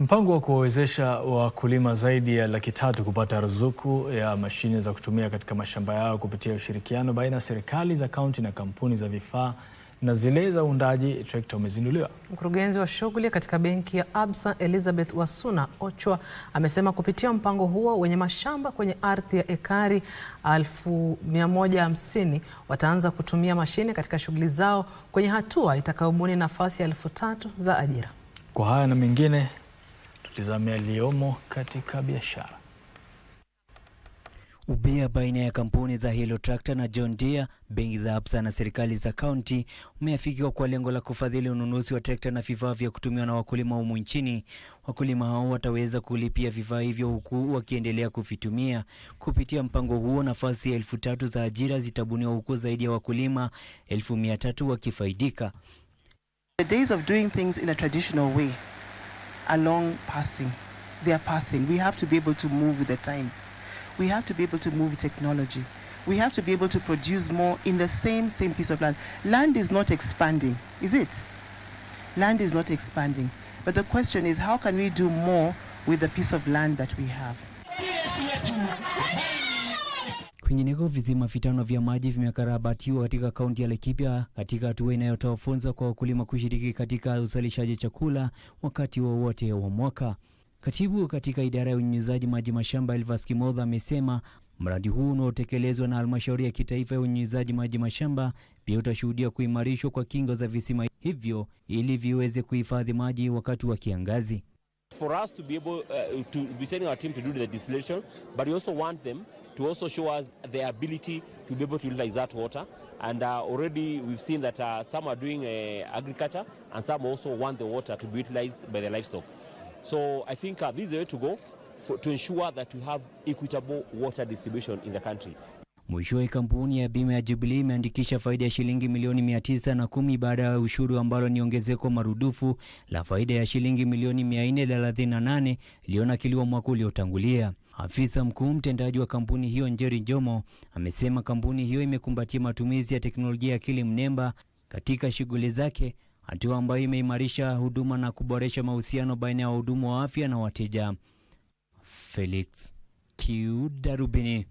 Mpango wa kuwawezesha wakulima zaidi ya laki tatu kupata ruzuku ya mashine za kutumia katika mashamba yao kupitia ushirikiano baina ya serikali za kaunti na kampuni za vifaa na zile za uundaji trekta umezinduliwa. Mkurugenzi wa shughuli katika benki ya Absa Elizabeth Wasuna Ochwa amesema kupitia mpango huo wenye mashamba kwenye ardhi ya ekari 150,000 wataanza kutumia mashine katika shughuli zao kwenye hatua itakayobuni nafasi elfu tatu za ajira. Kwa haya na mengine Tutazame yaliyomo katika biashara. Ubia baina ya kampuni za Hilo Tractor na John Deere, benki za Absa na serikali za kaunti umeafikiwa kwa lengo la kufadhili ununuzi wa trekta na vifaa vya kutumiwa na wakulima humu nchini. Wakulima hao wataweza kulipia vifaa hivyo huku wakiendelea kuvitumia. Kupitia mpango huo, nafasi ya elfu tatu za ajira zitabuniwa huku zaidi ya wakulima elfu mia tatu wakifaidika. The days of doing things in a traditional way along passing. They are passing. We have to be able to move with the times. We have to be able to move with technology. We have to be able to produce more in the same same piece of land. Land is not expanding, is it? Land is not expanding. But the question is how can we do more with the piece of land that we have? Kwingineko, visima vitano vya maji vimekarabatiwa katika kaunti ya Laikipia katika hatua inayotoa funzo kwa wakulima kushiriki katika uzalishaji chakula wakati wowote wa, wa mwaka. Katibu katika idara ya unyunyizaji maji mashamba Elvas Kimodha amesema mradi huu unaotekelezwa na halmashauri ya kitaifa ya unyunyizaji maji mashamba pia utashuhudia kuimarishwa kwa kingo za visima hivyo ili viweze kuhifadhi maji wakati wa kiangazi. For us to be able, uh, to be sending our team to do the distillation, but we also want them to also show us their ability to be able to utilize that water. And uh, already we've seen that uh, some are doing uh, agriculture and some also want the water to be utilized by the livestock. So I think uh, this is the way to go for, to ensure that we have equitable water distribution in the country. Mwishowe, kampuni ya bima ya Jubilee imeandikisha faida ya shilingi milioni mia tisa na kumi baada ya ushuru ambalo ni ongezeko marudufu la faida ya shilingi milioni mia nne thelathini na nane iliyonakiliwa mwaka uliotangulia. Afisa mkuu mtendaji wa kampuni hiyo Njeri Njomo amesema kampuni hiyo imekumbatia matumizi ya teknolojia ya akili mnemba katika shughuli zake, hatua ambayo imeimarisha huduma na kuboresha mahusiano baina ya wahudumu wa afya na wateja. Felix Kiudarubini